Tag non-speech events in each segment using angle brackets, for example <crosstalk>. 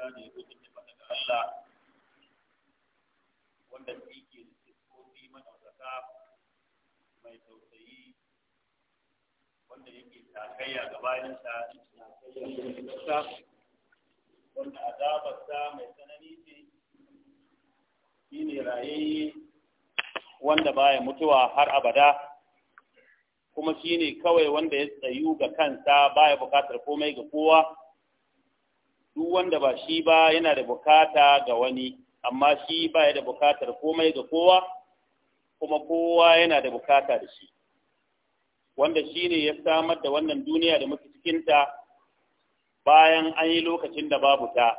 tsira da ya zo ta daga Allah wanda shi ke da siffofi madaukaka mai tausayi wanda yake takayya ga bayansa takayya wanda azabarsa mai tsanani ce shi ne rayayye wanda baya mutuwa har abada kuma shi ne kawai wanda ya tsayu ga kansa baya bukatar komai ga kowa duk wanda ba shi ba yana da bukata ga wani amma shi ba ya da bukatar komai ga kowa kuma kowa yana da bukata da shi wanda shi ne ya samar da wannan duniya da muke cikinta bayan an yi lokacin da babu ta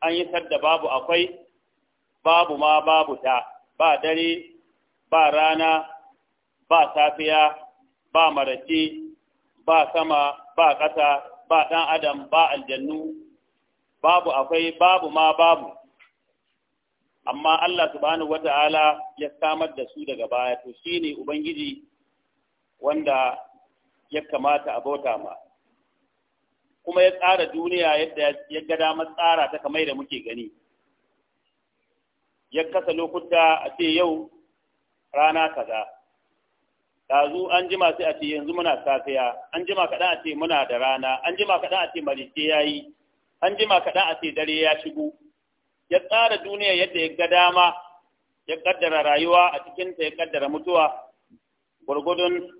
an yi sadda babu akwai babu ma babu ta ba dare ba rana ba safiya ba marace ba sama ba ƙasa ba ɗan adam ba aljannu babu akwai babu ma babu amma Allah subhanahu wata'ala ya samar da su daga baya to shine ubangiji wanda ya kamata a bauta ma kuma ya tsara duniya yadda ya ga damar tsara ta kamar da muke gani ya kasa lokuta a ce yau rana kaza Yanzu an jima sai a ce yanzu muna safiya an jima kaɗan a ce muna da rana an jima kaɗan a ce malice ya yi an jima kaɗan a ce dare ya shigo ya tsara duniya yadda ya ga dama ya ƙaddara rayuwa a cikinta ya ƙaddara mutuwa gwargwadon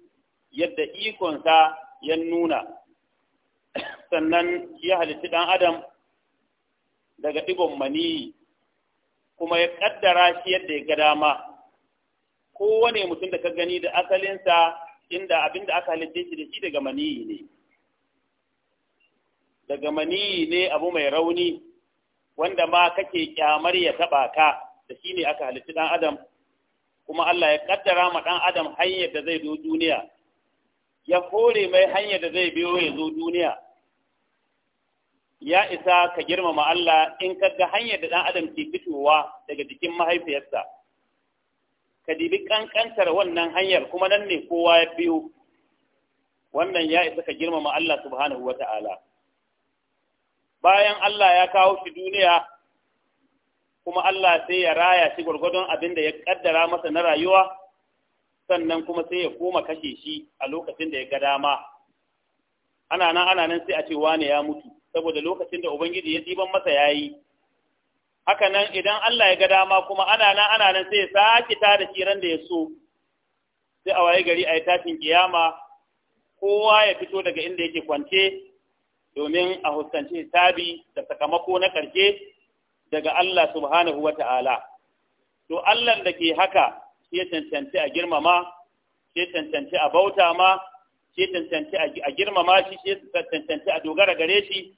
yadda ikonsa ya nuna sannan ya halitti dan adam daga ɗigon maniyi kuma ya ƙaddara shi yadda ya ga dama kowane mutum da ka gani da asalinsa inda abinda aka halitta shi da shi daga maniyi ne daga maniyi ne abu mai rauni wanda ma kake kyamar ya taba ka da shi ne aka halitta dan adam kuma Allah ya kaddara ma dan adam hanyar da zai zo duniya ya kore mai hanyar da zai biyo ya zo duniya ya isa ka girmama Allah in ka ga hanyar da ɗan adam ke fitowa daga jikin mahaifiyarsa ka dibi kankantar wannan hanyar kuma nan ne kowa ya biyo wannan ya isa ka girmama Allah subhanahu wata'ala bayan Allah ya kawo shi duniya kuma Allah sai ya raya shi gwargwadon abin da ya kaddara masa na rayuwa sannan kuma sai ya koma kashe shi a lokacin da ya ga dama ana nan ana nan sai a ce wane ya mutu saboda lokacin da ubangiji ya diban masa yayi haka nan idan Allah ya ga dama kuma ana nan ana nan sai ya sake ta da kiran da ya so sai a waye gari a yi tashin kiyama kowa ya fito daga inda yake kwance domin a huskanci hisabi da sakamako na karshe daga Allah subhanahu wa ta'ala. To Allah da ke haka ke tantance a girmama, ke tantance a bauta ma, ke tantance a girmama shi, ke tantance a dogara gare shi,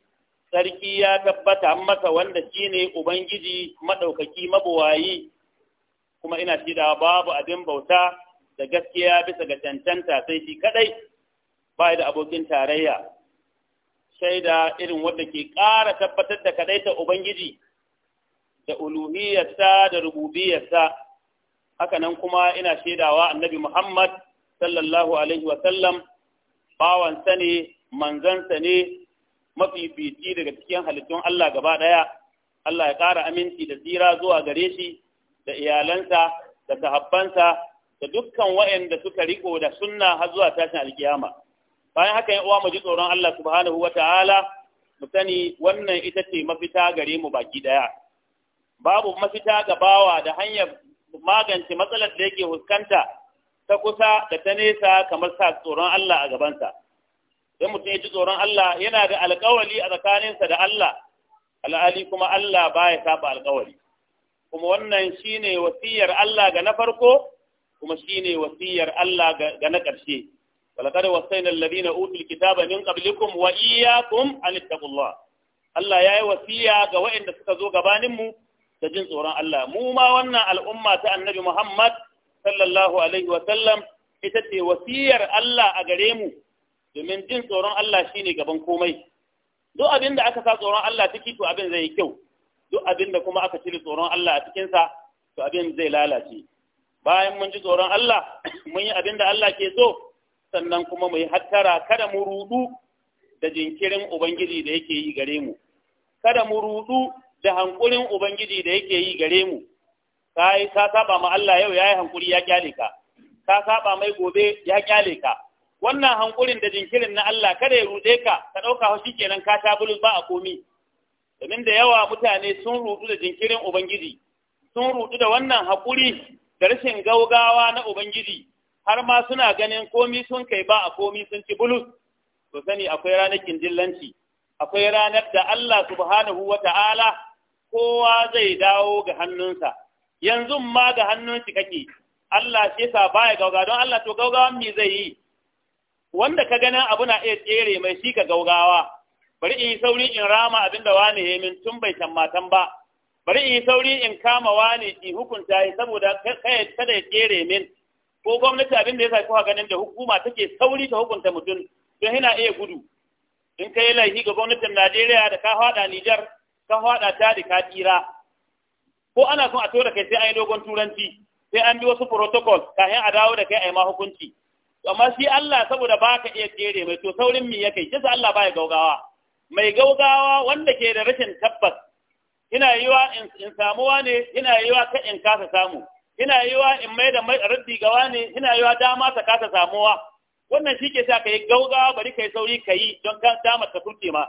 sarki ya tabbata masa wanda shine ubangiji maɗaukaki mabuwayi kuma ina shaidawa babu abin bauta da gaskiya bisa ga cancanta sai shi kaɗai, ba da abokin tarayya shaida irin wanda ke ƙara tabbatar da ta ubangiji da uluhiyarsa da rububiyarsa haka nan kuma ina shaidawa annabi Muhammad sallallahu alaihi wasallam bawansa ne manzansa ne mafifici daga cikin halittun Allah gaba ɗaya, Allah ya ƙara aminci da tsira zuwa gare shi da iyalansa da sahabbansa da dukkan waɗanda suka riko da sunna har zuwa tashin alkiyama. Bayan haka ya uwa mu ji tsoron Allah subhanahu wa ta'ala mu sani wannan ita ce mafita gare mu baki ɗaya. Babu mafita ga bawa da hanyar magance matsalar da yake fuskanta ta kusa da ta nesa kamar sa tsoron Allah a gabansa. idan mutum ya ji tsoron Allah yana da alkawali a tsakaninsa da Allah al'ali kuma Allah baya saba alkawali. kuma wannan shine wasiyar Allah ga na farko kuma shine wasiyar Allah ga na ƙarshe walaqad wasayna alladhina utul kitaba min qablikum wa iyyakum an ittaqullah Allah yayi wasiya ga waɗanda suka zo gabanin mu da jin tsoron Allah mu ma wannan al'umma ta Annabi Muhammad sallallahu alaihi wa sallam ita ce wasiyar Allah a gare mu domin jin tsoron Allah shi ne gaban komai duk abin da aka sa tsoron Allah ciki to abin zai yi kyau duk abin da kuma aka cire tsoron Allah a cikinsa to abin zai lalace bayan mun ji tsoron Allah <coughs> mun yi abin da Allah ke so sannan kuma mu yi hattara kada mu rudu da jinkirin Ubangiji da yake yi gare mu kada mu rudu da hankulin Ubangiji da yake yi gare mu ka ta saba ma Allah yau ya yi hankuri ya kyale ka ka saba mai gobe ya kyale ka wannan hankulin da jinkirin na Allah kada ya ruɗe ka ka ɗauka hau kenan ka ta bulus ba a komi domin da yawa mutane sun rudu da jinkirin ubangiji sun ruɗu da wannan hakuri da rashin gaugawa na ubangiji har ma suna ganin komi sun kai ba a komi sun ci bulus to sani akwai ranar kindillanci akwai ranar da Allah subhanahu wa ta'ala kowa zai dawo ga hannunsa yanzu ma ga hannun kake Allah shi yasa baya gaugawa don Allah to gaugawan me zai yi wanda ka gana abu na iya tsere mai shi ka gaugawa bari in yi sauri in rama abin da wani ya min tun bai matan ba bari in yi sauri in kama wani in hukunta ya saboda kada ya tsere min ko gwamnati abin da ya sa kuka ganin da hukuma take sauri ta hukunta mutum don yana iya gudu in kai laifi ga gwamnatin Najeriya da ka hada Nijar ka hada ta da ka tsira ko ana son a tura kai sai an yi dogon turanci sai an bi wasu protocol kafin a dawo da kai a yi ma hukunci amma shi Allah saboda baka iya kere mai to saurin mi yake shi Allah baya gaugawa mai gaugawa wanda ke da rashin tabbas ina yiwa in samuwa ne ina yiwa ka in kasa samu ina yiwa in mai da mai raddi ga ne ina yiwa dama ta kasa samuwa wannan shi ke sa ka yi gaugawa bari ka sauri ka don ka dama ta kurce ma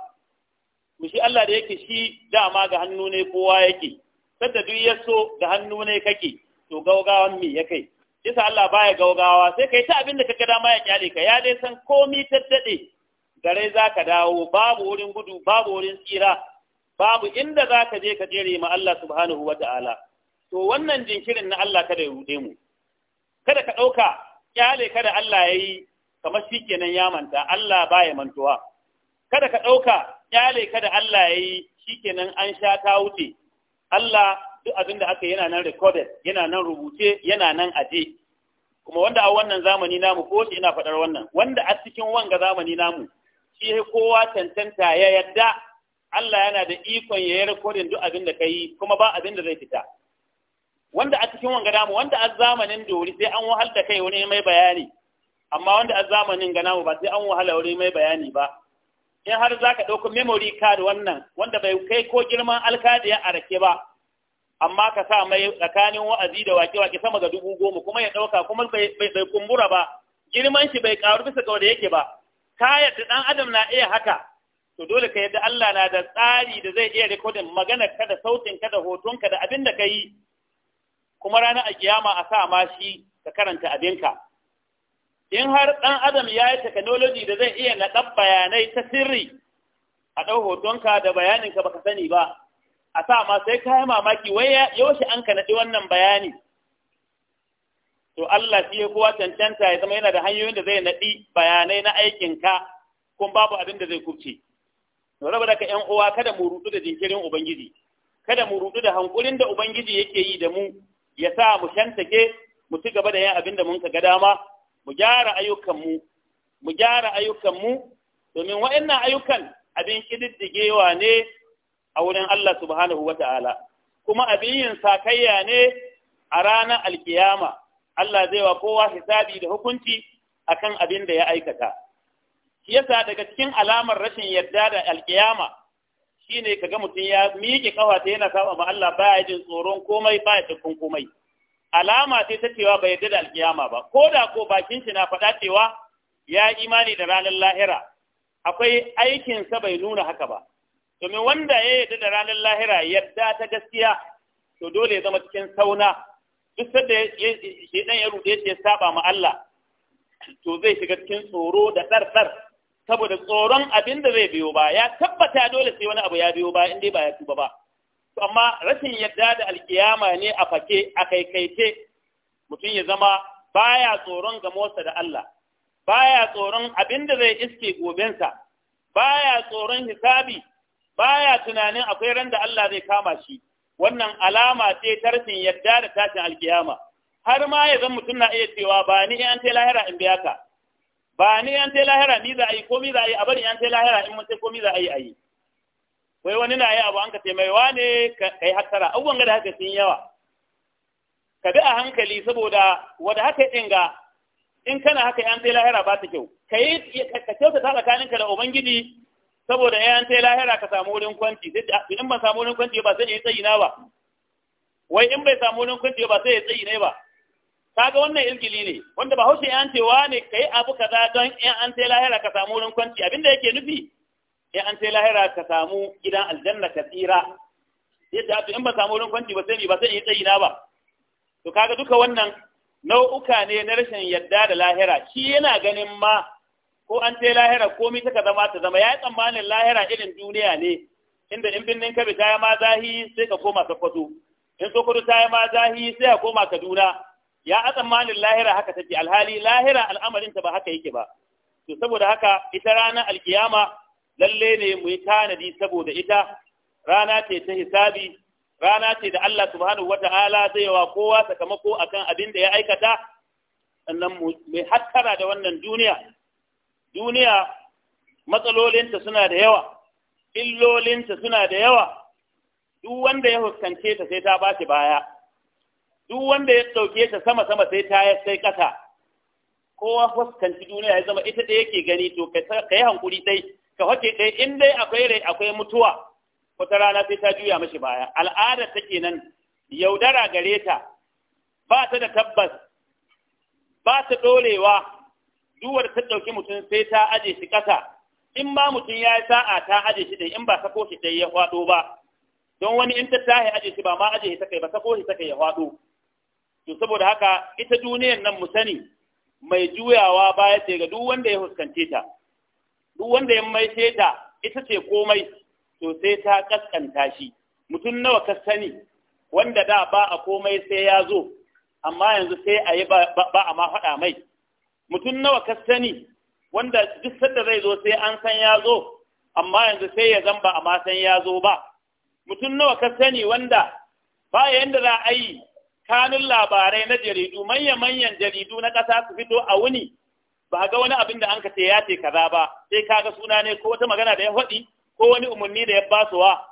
mu shi Allah da yake shi dama ga hannu ne kowa yake sadda duk ya so ga hannu ne kake to gaugawan mi ya kai Isa Allah baya gaugawa sai kai ta abin da kaga dama ya kyale ka ya dai san komi tattade gare za ka dawo babu wurin gudu babu wurin tsira babu inda za ka je ka jere ma Allah subhanahu wa ta'ala to wannan jinkirin na Allah kada ya rude mu kada ka ɗauka kyale kada Allah ya yi kamar shi kenan ya manta Allah baya mantuwa kada ka ɗauka kyale kada Allah ya yi shi kenan an sha ta wuce Allah duk abin da aka yana nan recorded yana nan rubuce yana nan aje kuma wanda a wannan zamani namu ko shi ina faɗar wannan wanda a cikin wanga zamani namu shi kowa tantanta ya yadda Allah yana da ikon ya yi recording duk abin da ka yi kuma ba abin da zai fita wanda a cikin wanga namu wanda a zamanin dori sai an wahal da kai wani mai bayani amma wanda a zamanin ga namu ba sai an wahala wani mai bayani ba in har za ka ɗauko memory card wannan wanda bai kai ko girman alkadiya a rake ba amma ka sa mai tsakanin wa'azi da wake-wake sama ga dubu goma kuma ya ɗauka kuma bai kumbura ba girman shi bai ƙaru bisa ga wanda yake ba ka da ɗan adam na iya haka to dole ka yadda Allah na da tsari da zai iya rikodin maganar ka da sautin ka da hoton ka da abin da ka yi kuma ranar a kiyama a sa ma shi ka karanta abinka in har ɗan adam ya yi technology da zai iya naɗa bayanai ta sirri a ɗau hotonka da bayaninka baka sani ba a sa ma sai kayan mamaki wai yaushe an ka naɗi wannan bayani to Allah shi ya kowa cancanta ya zama yana da hanyoyin da zai naɗi bayanai na aikinka kuma babu abin da zai kubce to raba daga ƴan uwa kada mu rudu da jinkirin ubangiji kada mu rudu da hankulin da ubangiji yake yi da mu ya sa mu shantake mu ci gaba da yin abin da mun ka ga dama mu gyara ayyukan mu mu gyara ayyukan mu domin waɗannan ayyukan abin kididdigewa ne a wurin Allah subhanahu wa ta'ala, kuma abin yin sakayya ne a ranar alkiyama, Allah zai wa kowa hisabi da hukunci akan abin da ya aikata. Shi yasa daga cikin alamar rashin yarda da alkiyama shi ne kaga mutum ya miƙe ƙafa ta yana saba ma Allah ba ya jin tsoron komai ba ya cikin komai. Alama ce ta cewa bai yarda da alkiyama ba, ko da ko bakin shi na faɗa cewa ya imani da ranar lahira, akwai aikinsa bai nuna haka ba. domin wanda ya yarda da ranar lahira yadda ta gaskiya to dole ya zama cikin sauna duk shi dan ya rude ya saba ma Allah to zai shiga cikin tsoro da tsartsar saboda tsoron abin da zai biyo ba ya tabbata dole sai wani abu ya biyo ba in dai ba ya tuba ba to amma rashin yadda da alkiyama ne a fake a kaikaice mutum ya zama baya tsoron ga motsa da Allah baya tsoron abin da zai iske gobensa baya tsoron hisabi baya tunanin akwai ran da Allah zai kama shi wannan alama ce ta rashin yadda da tashin alkiyama har ma ya zan mutum na iya cewa ba ni an ce lahira in biya ka ba ni an ce lahira ni za a yi komi za a yi a bari an ce lahira in mun ce komi za a yi a yi wai wani na yi abu an ka ce mai wane kai hattara abubuwan da haka sun yawa ka bi a hankali saboda wanda haka ɗin ga in kana haka an ce lahira ba ta kyau ka kyautata tsakaninka da ubangiji saboda ya ta lahira ka samu wurin kwanci sai in ban samu wurin kwanci ba sai ya tsayi na ba wai in bai samu wurin kwanci ba sai ya tsayi ne ba kaga wannan ilgili ne wanda ba hausa ya ce wane kai abu kaza don in an ta lahira ka samu wurin kwanci abinda yake nufi in an ta lahira ka samu gidan aljanna ka tsira yadda in ba samu wurin kwanci ba sai ba sai ya tsayi na ba to kaga duka wannan nau'uka ne na rashin yadda da lahira shi yana ganin ma ko an je lahira komai ta zama ta zama ya yi tsammanin lahira irin duniya ne inda in birnin kabi ta yi ma zahi sai ka koma kwato in sokoto ta yi ma zahi sai ka koma kaduna ya a tsammanin lahira haka take alhali lahira al'amarin ta ba haka yake ba to saboda haka ita ranar alkiyama lalle ne mu yi tanadi saboda ita rana ce ta hisabi rana ce da Allah subhanahu wata'ala zai wa kowa sakamako akan abin da ya aikata sannan mu hattara da wannan duniya duniya matsalolinta suna da yawa illolinta suna da yawa duk wanda ya huskance ta sai ta ba shi baya duk wanda ya ɗauke ta sama-sama sai ta yi sai ƙasa kowa huskanci duniya ya zama ita da yake gani to ka yi hankuri dai ka hake dai in dai akwai rai akwai mutuwa wata rana sai ta juya mashi baya al'ada ta kenan yaudara gare ta ba ta da tabbas ba ta dorewa. duwar ta ɗauki mutum sai ta aje shi ƙasa in ma mutum ya yi sa'a ta aje shi ɗin in ba sako shi ta ya faɗo ba don wani in ta tahi aje shi ba ma aje shi ta kai ba sako shi ta kai ya faɗo to saboda haka ita duniyar nan mu sani mai juyawa baya ce ga duk wanda ya huskance ta duk wanda ya ce ta ita ce komai to sai ta kaskanta shi mutum nawa ka sani wanda da ba a komai sai ya zo amma yanzu sai a yi ba a ma faɗa mai mutum nawa ka sani wanda duk sanda zai zo sai an san ya zo amma yanzu sai ya zamba a san ya zo ba mutum nawa ka sani wanda ba yanda za a yi kanun labarai na jaridu manya-manyan jaridu na ƙasa su fito a wuni ba ga wani abin da an ka ya ce kaza ba sai kaga suna ne ko wata magana da ya faɗi ko wani umarni da ya basuwa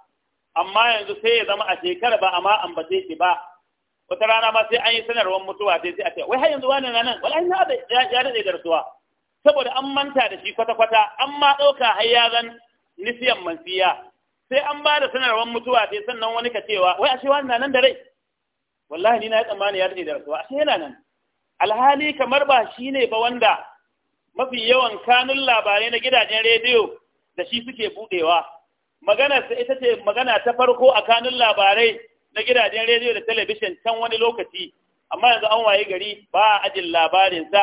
amma yanzu sai ya zama a shekara ba amma ambace shi ba wata rana ma sai an yi sanarwar mutuwa sai sai a ce wai har yanzu wani na nan wallahi na ya dade da saboda an manta da shi kwata-kwata an ma ɗauka har ya zan nisiyan mansiya sai an ba da sanarwar mutuwa sai sannan wani ka cewa wai ashe wani na nan da rai wallahi ni na yi tsammani ya dade da ashe yana nan alhali kamar ba shi ne ba wanda mafi yawan kanun labarai na gidajen rediyo da shi suke buɗewa magana ita ce magana ta farko a kanun labarai na gidajen rediyo da talabishin can wani lokaci amma yanzu an waye gari ba a ajin labarinsa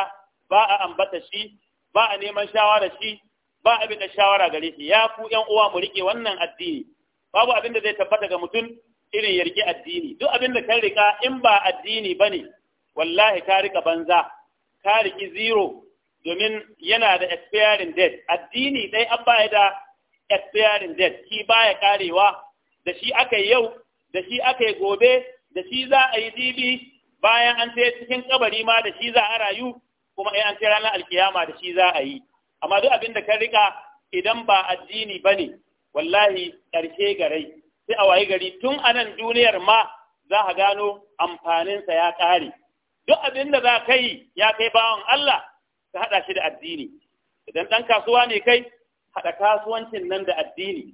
ba a ambata shi ba a neman shawara shi ba abin da shawara gare shi ya ku yan uwa mu rike wannan addini babu abin da zai tabbata ga mutum irin yarki addini duk abin da kan rika in ba addini ba ne, wallahi ka rika banza ka riki zero domin yana da expiring date addini dai an ya da expiring date shi baya karewa da shi aka yau da shi aka yi gobe da shi za a yi dibi bayan an sai cikin kabari ma da shi za a rayu kuma ai an sai ranar alkiyama da shi za a yi amma duk abin da ka rika idan ba addini ba ne wallahi karshe garai sai a wayi gari tun anan duniyar ma za ka gano amfaninsa ya ƙare duk abin da za ka yi ya kai bawon Allah ka haɗa shi da addini idan ɗan kasuwa ne kai haɗa kasuwancin nan da addini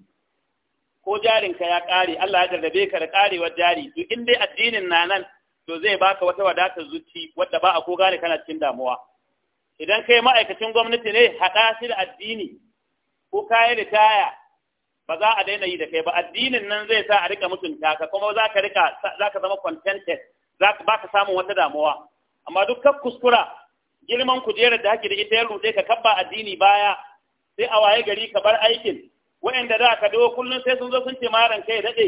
ko jarin ka ya ƙare Allah ya jarrabe ka da ƙarewar jari to in dai addinin na nan to zai baka wata wadatar zuci wadda ba a ko gane kana cikin damuwa idan kai ma'aikacin gwamnati ne haɗa shi da addini ko kayi ritaya ba za a daina yi da kai ba addinin nan zai sa a rika mutunta ka kuma za ka rika za ka zama contented za ka baka samun wata damuwa amma duk kan kuskura girman kujerar da hake da ita ya rude ka kabba addini baya sai a waye gari ka bar aikin wa'anda da aka dawo kullum sai sun zo sun ce maran kai daɗe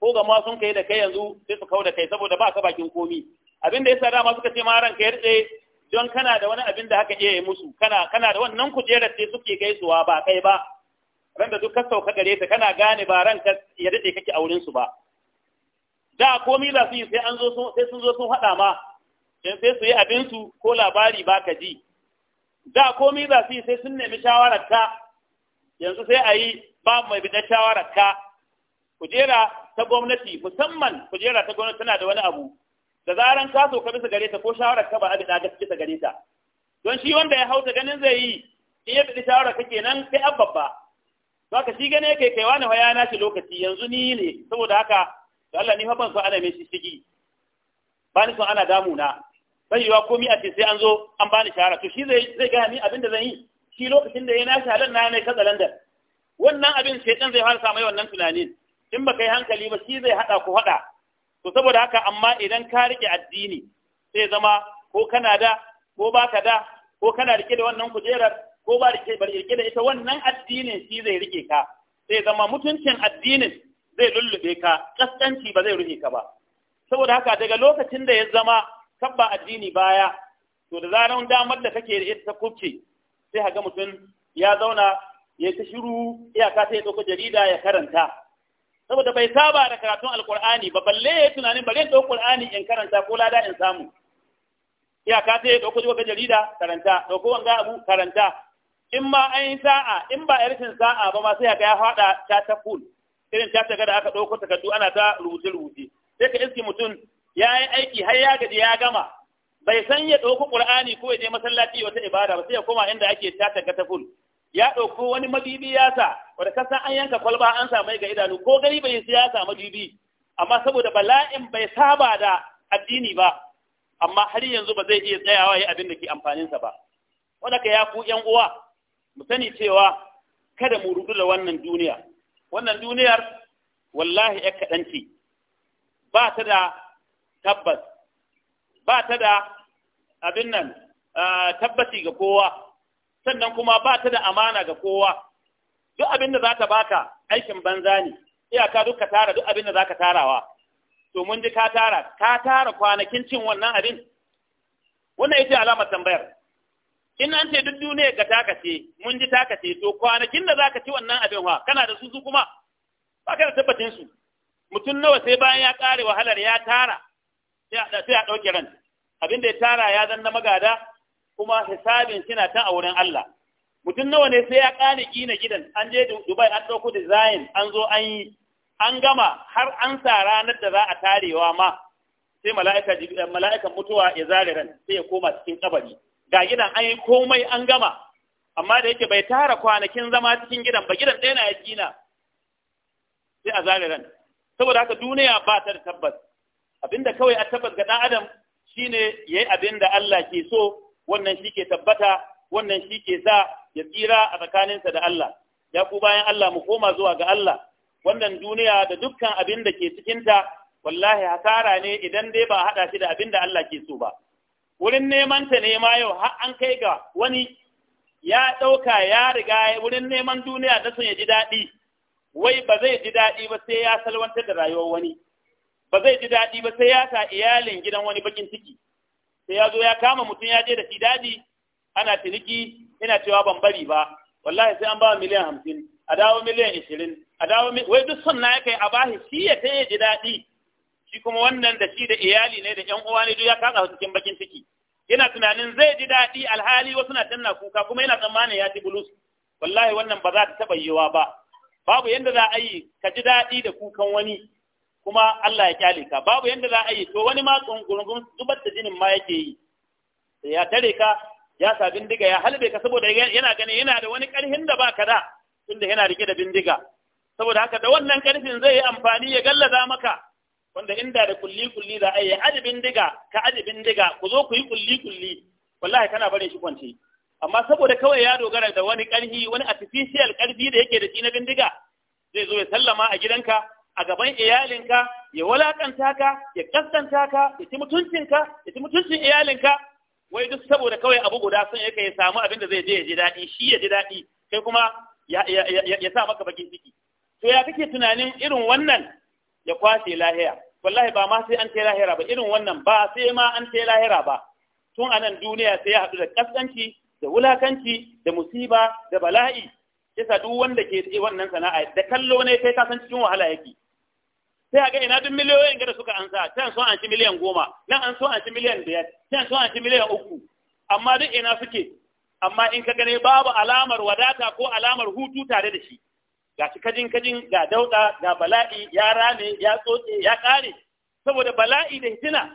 ko ma sun kai da kai yanzu sai su kau da kai saboda ba ka bakin komi abin da yasa dama suka ce maran kai daɗe don kana da wani abin da haka iya yi musu kana kana da wannan kujerar sai suke gaisuwa ba kai ba ran da duk ka sauka gare ta kana gane ba ka ya daɗe kake a wurinsu ba da komi za su yi sai an zo sai sun zo sun haɗa ma in sai su yi abinsu ko labari ba ka ji da komi za su yi sai sun nemi shawarar ta yanzu sai a yi ba mai bidan shawarar ka kujera ta gwamnati musamman kujera ta gwamnati tana da wani abu da zaran ka so ka bisa gare ko shawarar ka ba a bida gaske ta gare ta don shi wanda ya hauta ganin zai yi in ya bi shawarar ka kenan sai an babba to haka shi gane kai kaiwa ne waya na shi lokaci yanzu ni ne saboda haka to Allah ni fa ban so ana mai shishigi ba ni so ana damuna bai yiwa komai a ce sai an zo an bani shawara to shi zai zai gaya ni abin da zan yi shi lokacin da ya a halin na ne katsalandar wannan abin shaitan zai fara samai wannan tunanin in ba kai hankali ba shi zai haɗa ku haɗa to saboda haka amma idan ka riƙe addini sai zama ko kana da ko ba ka da ko kana rike da wannan kujerar ko ba rike ba rike da ita wannan addinin shi zai rike ka sai zama mutuncin addinin zai lullube ka kaskanci ba zai rufe ka ba saboda haka daga lokacin da ya zama kabba addini baya to da zaran damar da kake da ita kuke sai ga mutum ya zauna ya ta shiru iyaka sai ya ɗauko jarida ya karanta saboda bai saba da karatun alkur'ani ba balle ya tunanin bari in ɗauko in karanta ko lada in samu iyaka sai ya ɗauko wata jarida karanta ɗauko wanga abu karanta in ma an yi sa'a in ba irin sa'a ba ma sai ga ya faɗa ta ta kul irin ta ga da aka ɗauko takardu ana ta rubuce rubuce sai ka iske mutum ya yi aiki har ya gaji ya gama bai san ya ɗauki ƙur'ani ko ya je masallaci wata ibada ba sai ya koma inda ake tata kataful ya ɗauko wani mabibi ya sa wanda ka an yanka kwalba an sa mai ga idanu ko gari bai siyasa madubi amma saboda bala'in bai saba da addini ba amma har yanzu ba zai iya tsayawa ya abin da ke sa ba wanda ka ya ku yan uwa mu sani cewa kada mu rudu da wannan duniya wannan duniyar wallahi ya kaɗanci ba ta da tabbas ba ta da abin nan tabbaci ga kowa sannan kuma ba ta da amana ga kowa duk abin da za ta baka aikin banza ne iyaka duk ka tara duk abin da za ka tarawa to mun ji ka tara ka tara kwanakin cin wannan abin wannan ita alamar tambayar in an ce duk duniya ga taka ce mun ji taka ce to kwanakin da za ka ci wannan abin wa kana da su su kuma ba ka da tabbacin su mutum nawa sai bayan ya kare wahalar ya tara sai a dauke ranta. abin da ya tara ya zan magada kuma hisabin shi na tan a wurin Allah mutum nawa ne sai ya kare kina gidan an je Dubai an ɗauko design an zo an yi an gama har an sa ranar da za a tarewa ma sai eh, mala'ikan mutuwa ya zare ran sai ya koma cikin kabari ga gidan an yi komai an gama amma da yake bai tara kwanakin zama cikin gidan ba gidan ɗaya na ya kina sai a zare ran saboda haka duniya ba ta da tabbas abinda kawai a tabbas ga ɗan adam shine yayi abin da Allah ke so wannan shi ke tabbata wannan shi ke sa ya tsira a tsakaninsa da Allah ya ku bayan Allah mu koma zuwa ga Allah wannan duniya da dukkan abin da ke cikinta wallahi hasara ne idan dai ba haɗa shi da abin da Allah ke so ba wurin neman ta nema yau har an kai ga wani ya ɗauka ya riga wurin neman duniya da sun ya ji daɗi wai ba zai ji daɗi ba sai ya salwantar da rayuwar wani ba zai ji daɗi ba sai ya sa iyalin gidan wani bakin ciki sai ya zo ya kama mutum ya je da shi daɗi ana ciniki ina cewa ban bari ba wallahi sai an ba miliyan hamsin a dawo miliyan ishirin a dawo wai duk son na kai a bashi shi ya ta ji daɗi shi kuma wannan da shi da iyali ne da ƴan uwa ne duk ya kasa cikin bakin ciki yana tunanin zai ji daɗi alhali wasu na tanna kuka kuma yana tsammanin ya ji bulus wallahi wannan ba za ta taɓa yiwa ba babu yadda za a yi ka ji daɗi da kukan wani kuma Allah ya kyale ka babu yanda za a yi to wani ma tsungurgun zubar da jinin ma yake yi ya tare ka ya sa bindiga ya halbe ka saboda yana gani yana da wani karhin da baka da tunda yana rike da bindiga saboda haka da wannan karfin zai yi amfani ya gallaza maka wanda inda da kulli kulli za a yi aji bindiga ka aji bindiga ku zo ku yi kulli kulli wallahi kana barin shi kwance amma saboda kawai ya dogara da wani karfi wani artificial karfi da yake da shi na bindiga zai zo ya sallama a gidanka a gaban iyalinka ya walakanta ka ya kaskanta ka ya ci mutuncinka ya ci mutuncin iyalinka wai duk saboda kawai abu guda sun yake ya samu abin da zai je ya ji daɗi shi ya ji daɗi kai kuma ya sa maka bakin ciki to ya kake tunanin irin wannan ya kwashe lahira wallahi ba ma sai an kai lahira ba irin wannan ba sai ma an kai lahira ba tun anan duniya sai ya hadu da kaskanci da wulakanci da musiba da bala'i yasa duk wanda ke wannan sana'a da kallo ne kai ka san cikin wahala yake sai a ga ina duk miliyoyin da suka ansa can sun ci miliyan goma nan an sun ci miliyan biyar can sun ci miliyan uku amma duk ina suke amma in ka gane babu alamar wadata ko alamar hutu tare da shi ga shi kajin kajin ga dauda ga bala'i ya rame ya tsotse ya kare saboda bala'i da hitina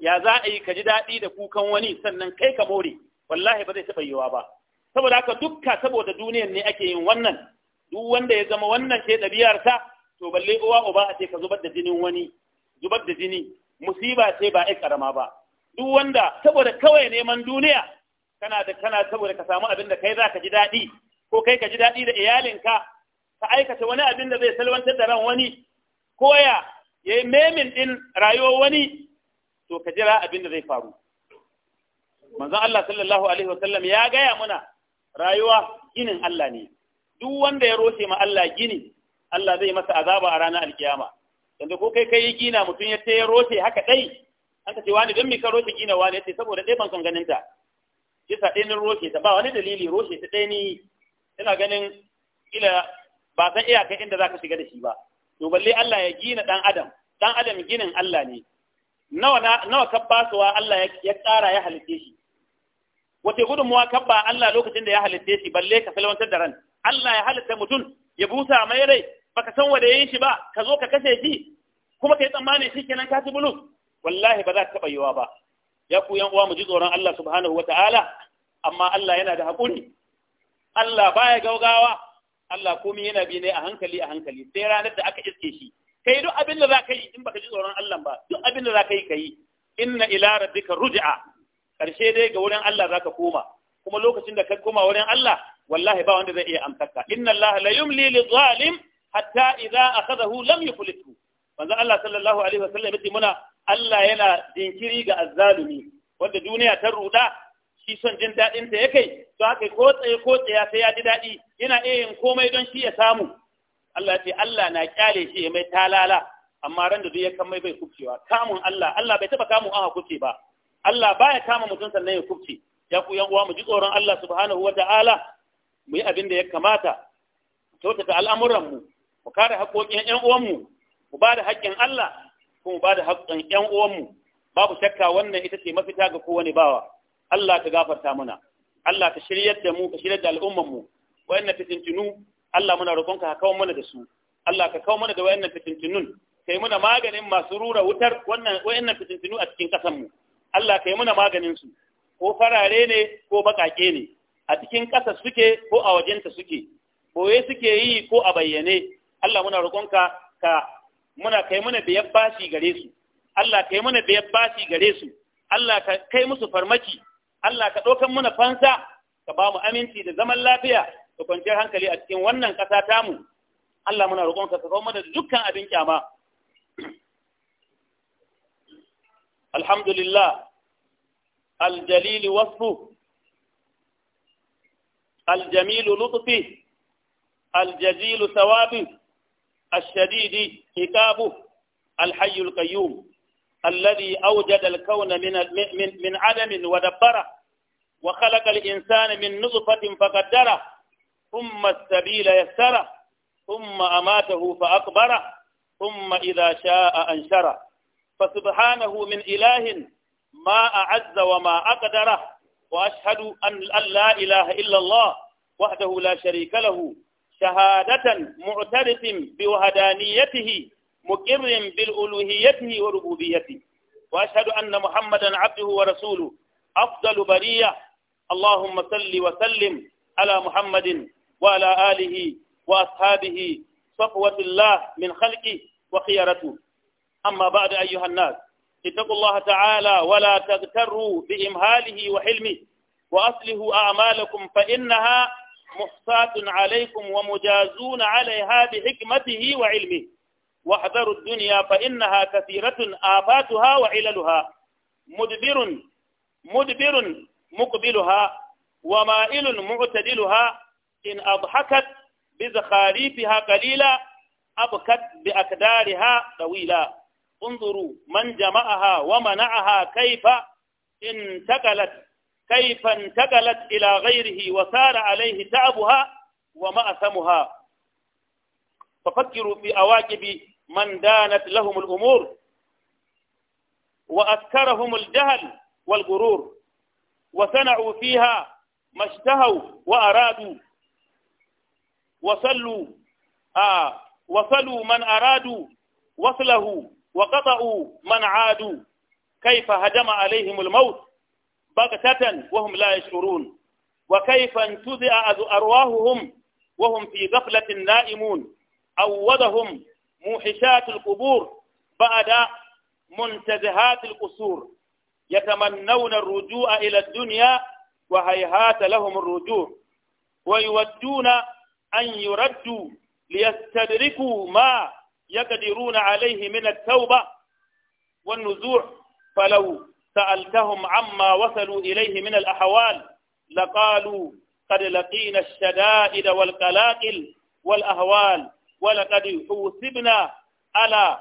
ya za a yi ka ji daɗi da kukan wani sannan kai ka more wallahi ba zai taɓa yiwa ba saboda haka dukka saboda duniyar ne ake yin wannan duk wanda ya zama wannan ke ɗabi'arsa to balle uwa uba a ce ka zubar da jinin wani zubar da jini musiba ce ba ai karama ba duk wanda saboda kawai neman duniya kana da kana saboda ka samu abin da kai za ka ji daɗi ko kai ka ji daɗi da iyalinka ka aikata wani abin da zai salwantar da ran wani koya ya yi memin ɗin rayuwar wani to ka jira abin da zai faru manzon Allah sallallahu alaihi wasallam ya gaya muna rayuwa ginin Allah ne duk wanda ya roshe ma Allah gini Allah zai masa azaba a ranar alkiyama yanzu ko kai kai gina mutum ya ce ya roce haka dai an ka ce wani don mika roce gina wani ya ce saboda dai ban son ganin ta ɗaya nin roce ta ba wani dalili roce ta ɗaya ni ina ganin ila ba san iyaka inda za ka shiga da shi ba to balle Allah ya gina ɗan adam ɗan adam ginin Allah ne nawa nawa ka basuwa Allah ya tsara ya halitte shi wace gudunmuwa kabba Allah lokacin da ya halitte shi balle ka salwantar da ran Allah ya halitta mutum ya busa mai rai baka san wanda yayin shi ba ka zo ka kashe shi kuma kai tsammani shi kenan ka ci bulu wallahi ba za ta taba yiwa ba ya ku yan uwa mu ji tsoron Allah subhanahu wataala amma Allah yana da hakuri Allah baya gaugawa Allah komai yana bi ne a hankali a hankali sai ranar da aka iske shi kai duk abin da za ka yi in baka ji tsoron Allah ba duk abin da za ka yi ka yi inna ila rabbika ruj'a karshe dai ga wurin Allah za ka koma kuma lokacin da ka koma wurin Allah wallahi ba wanda zai iya amsaka inna Allah la yumli lil zalim hatta idza akhadahu lam yuflitu manzo Allah sallallahu alaihi wasallam yace muna Allah yana jinkiri ga azzalumi wanda duniya ta ruda shi son jin dadin ta yake to haka ko tsaye ko tsaya sai ya ji dadi yana iya yin komai don shi ya samu Allah ya ce Allah na kyale shi ya mai talala amma ran da duk ya kan bai kubcewa kamun Allah Allah bai taba kamun a kubce ba Allah baya kama mutum sannan ya kubce ya ku yan uwa mu ji tsoron Allah subhanahu wa ta'ala mu yi abin da ya kamata kyautata al'amuranmu mu kare haƙoƙin ƴan uwanmu mu ba da haƙƙin Allah kuma mu ba da haƙƙin ƴan uwanmu babu shakka wannan ita ce mafita ga kowane bawa Allah ka gafarta mana Allah ka shiryar da mu ka shiryar da al'ummar mu wayannan fitintinu Allah muna roƙonka ka kawo mana da su Allah ka kawo mana da wayannan fitintinun kai muna maganin masu rura wutar wannan wayannan fitintinu a cikin ƙasar mu Allah kai muna maganin su ko farare ne ko baƙaƙe ne a cikin ƙasa suke ko a wajenta suke boye suke yi ko a bayyane Allah muna roƙonka ka muna kai muna biyar bashi gare su Allah kai muna biyar bashi gare su Allah ka kai musu farmaki Allah ka ɗaukan muna fansa ka ba mu aminci da zaman lafiya da kwanciyar hankali a cikin wannan ƙasa tamu Allah muna roƙonka ka kawo mana dukkan abin kyama alhamdulillah الجليل وصفه الجميل لطفه الجزيل ثوابه الشديد كتابه الحي القيوم الذي أوجد الكون من من من عدم ودبره وخلق الإنسان من نطفة فقدره ثم السبيل يسره ثم أماته فأقبره ثم إذا شاء أنشره فسبحانه من إله ما أعز وما أقدره وأشهد أن لا إله إلا الله وحده لا شريك له شهادة معترف بوهدانيته مقر بالألوهيته وربوبيته وأشهد أن محمدا عبده ورسوله أفضل برية اللهم صل وسلم على محمد وعلى آله وأصحابه صفوة الله من خلقه وخيرته أما بعد أيها الناس اتقوا الله تعالى ولا تغتروا بإمهاله وحلمه وأصله أعمالكم فإنها محصاة عليكم ومجازون عليها بحكمته وعلمه واحذروا الدنيا فإنها كثيرة آفاتها وعللها مدبر مدبر مقبلها ومائل معتدلها إن أضحكت بزخاريفها قليلا أبكت بأكدارها طويلا انظروا من جمعها ومنعها كيف انتقلت كيف انتقلت إلى غيره وسار عليه تعبها ومأثمها ففكروا في أواجب من دانت لهم الأمور وأذكرهم الجهل والغرور وصنعوا فيها ما اشتهوا وأرادوا وصلوا آه وصلوا من أرادوا وصله وقطعوا من عادوا كيف هدم عليهم الموت بغتة وهم لا يشعرون وكيف انتزع أرواحهم وهم في غفلة نائمون عودهم موحشات القبور بعد منتزهات القصور يتمنون الرجوع إلى الدنيا وهيهات لهم الرجوع ويودون أن يردوا ليستدركوا ما يقدرون عليه من التوبة والنزوع فلو سألتهم عما وصلوا إليه من الأحوال لقالوا قد لقينا الشدائد والقلاقل والأهوال ولقد حوسبنا على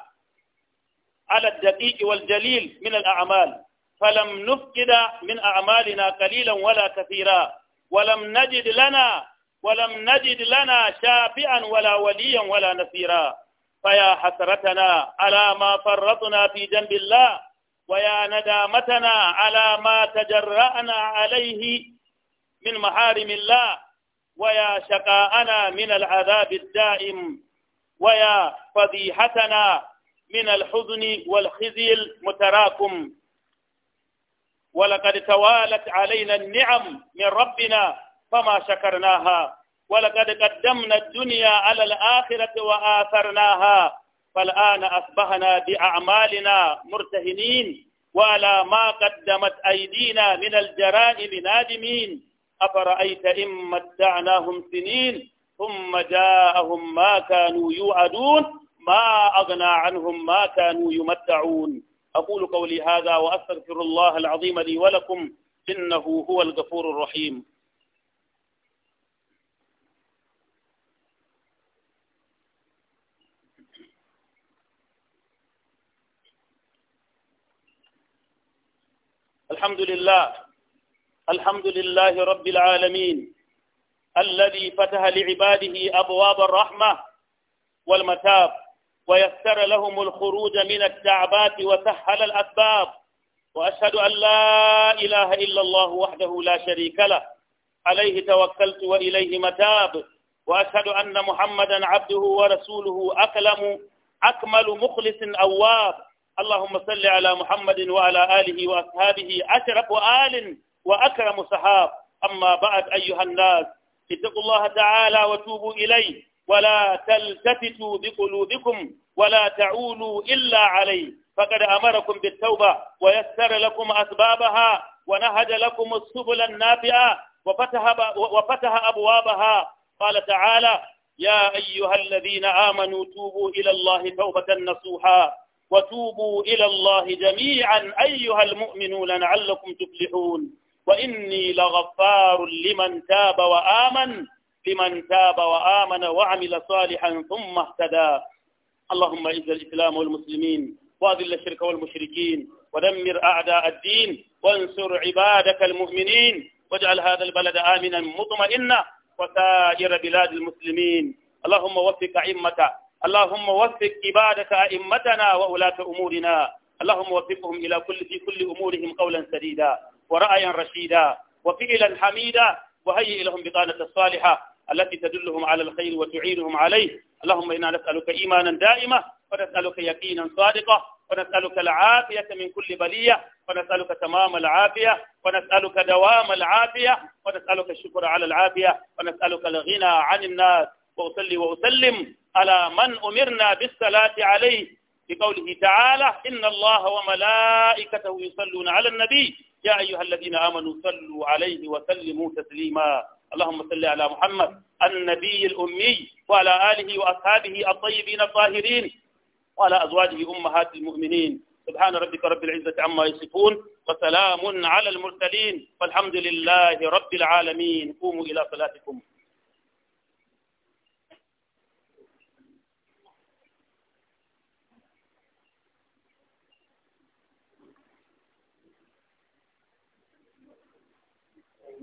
على الدقيق والجليل من الأعمال فلم نفقد من أعمالنا قليلا ولا كثيرا ولم نجد لنا ولم نجد لنا شافعا ولا وليا ولا نصيرا فيا حسرتنا على ما فرطنا في جنب الله ويا ندامتنا على ما تجرأنا عليه من محارم الله ويا شقاءنا من العذاب الدائم ويا فضيحتنا من الحزن والخزي المتراكم ولقد توالت علينا النعم من ربنا فما شكرناها ولقد قدمنا الدنيا على الآخرة وآثرناها فالآن أصبحنا بأعمالنا مرتهنين وعلى ما قدمت أيدينا من الجرائم نادمين أفرأيت إن متعناهم سنين ثم جاءهم ما كانوا يوعدون ما أغنى عنهم ما كانوا يمتعون أقول قولي هذا وأستغفر الله العظيم لي ولكم إنه هو الغفور الرحيم الحمد لله الحمد لله رب العالمين الذي فتح لعباده أبواب الرحمة والمتاب ويسر لهم الخروج من التعبات وسهل الأسباب وأشهد أن لا إله إلا الله وحده لا شريك له عليه توكلت وإليه متاب وأشهد أن محمدا عبده ورسوله أكلم أكمل مخلص أواب اللهم صل على محمد وعلى آله وأصحابه أشرف وآل وأكرم صحاب أما بعد أيها الناس اتقوا الله تعالى وتوبوا إليه ولا تلتفتوا بقلوبكم ولا تعولوا إلا عليه فقد أمركم بالتوبة ويسر لكم أسبابها ونهج لكم السبل النافئة وفتح, وفتح أبوابها قال تعالى يا أيها الذين آمنوا توبوا إلى الله توبة نصوحا وتوبوا إلى الله جميعا أيها المؤمنون لعلكم تفلحون وإني لغفار لمن تاب وآمن لمن تاب وآمن وعمل صالحا ثم اهتدى اللهم إذ الإسلام والمسلمين واذل الشرك والمشركين ودمر أعداء الدين وانصر عبادك المؤمنين واجعل هذا البلد آمنا مطمئنا وسائر بلاد المسلمين اللهم وفق عمتك اللهم وفق عبادك أئمتنا وولاة أمورنا اللهم وفقهم إلى كل في كل أمورهم قولا سديدا ورأيا رشيدا وفعلا حميدا وهيئ لهم بطانة الصالحة التي تدلهم على الخير وتعينهم عليه اللهم إنا نسألك إيمانا دائما ونسألك يقينا صادقا ونسألك العافية من كل بلية ونسألك تمام العافية ونسألك دوام العافية ونسألك الشكر على العافية ونسألك الغنى عن الناس وأصلي وأسلم على من أمرنا بالصلاة عليه بقوله تعالى إن الله وملائكته يصلون على النبي يا أيها الذين آمنوا صلوا عليه وسلموا تسليما اللهم صل على محمد النبي الأمي وعلى آله وأصحابه الطيبين الطاهرين وعلى أزواجه أمهات المؤمنين سبحان ربك رب العزة عما يصفون وسلام على المرسلين والحمد لله رب العالمين قوموا إلى صلاتكم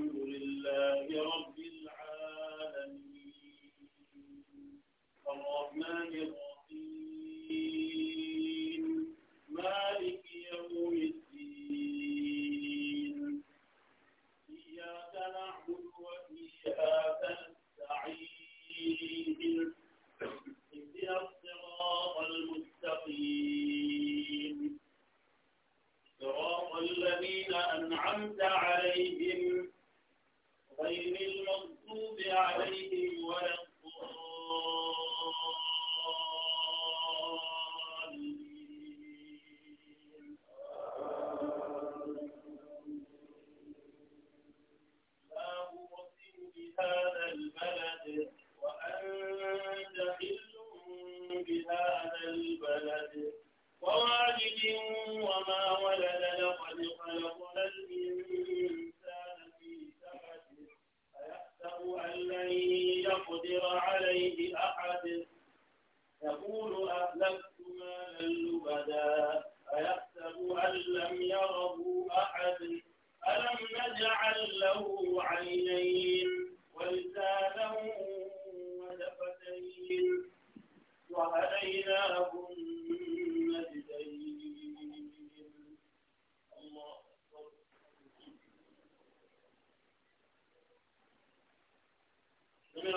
الحمد لله رب العالمين الرحمن الرحيم مالك يوم الدين إياك نعبد وإياك نستعين الصراط المستقيم صراط الذين أنعمت عليهم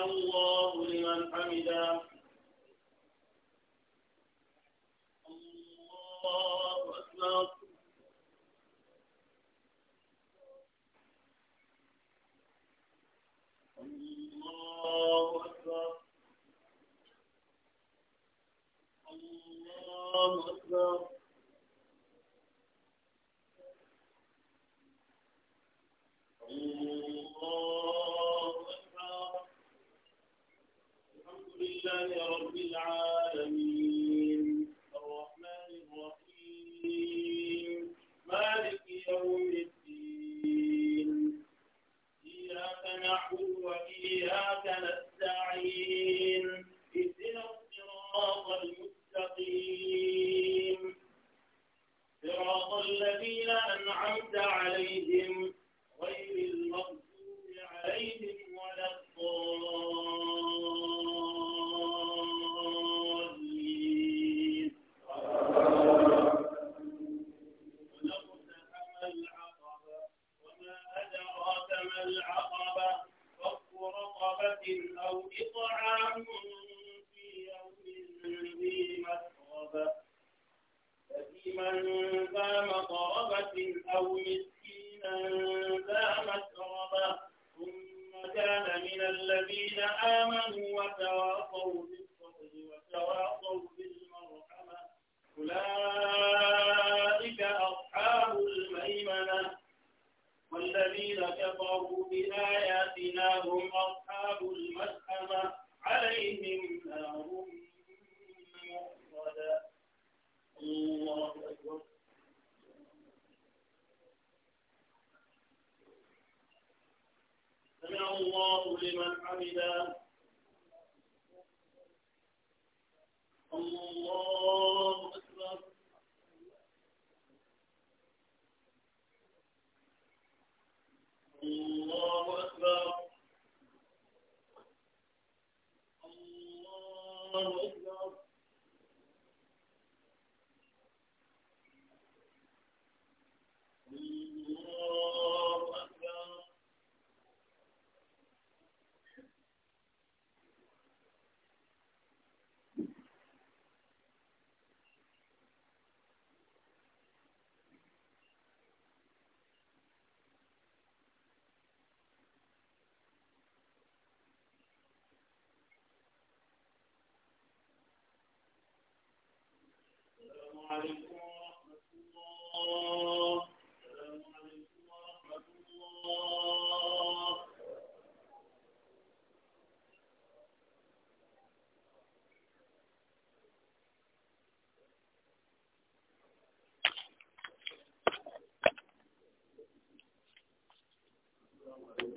الله لمن حمده عليكم ورحمة الله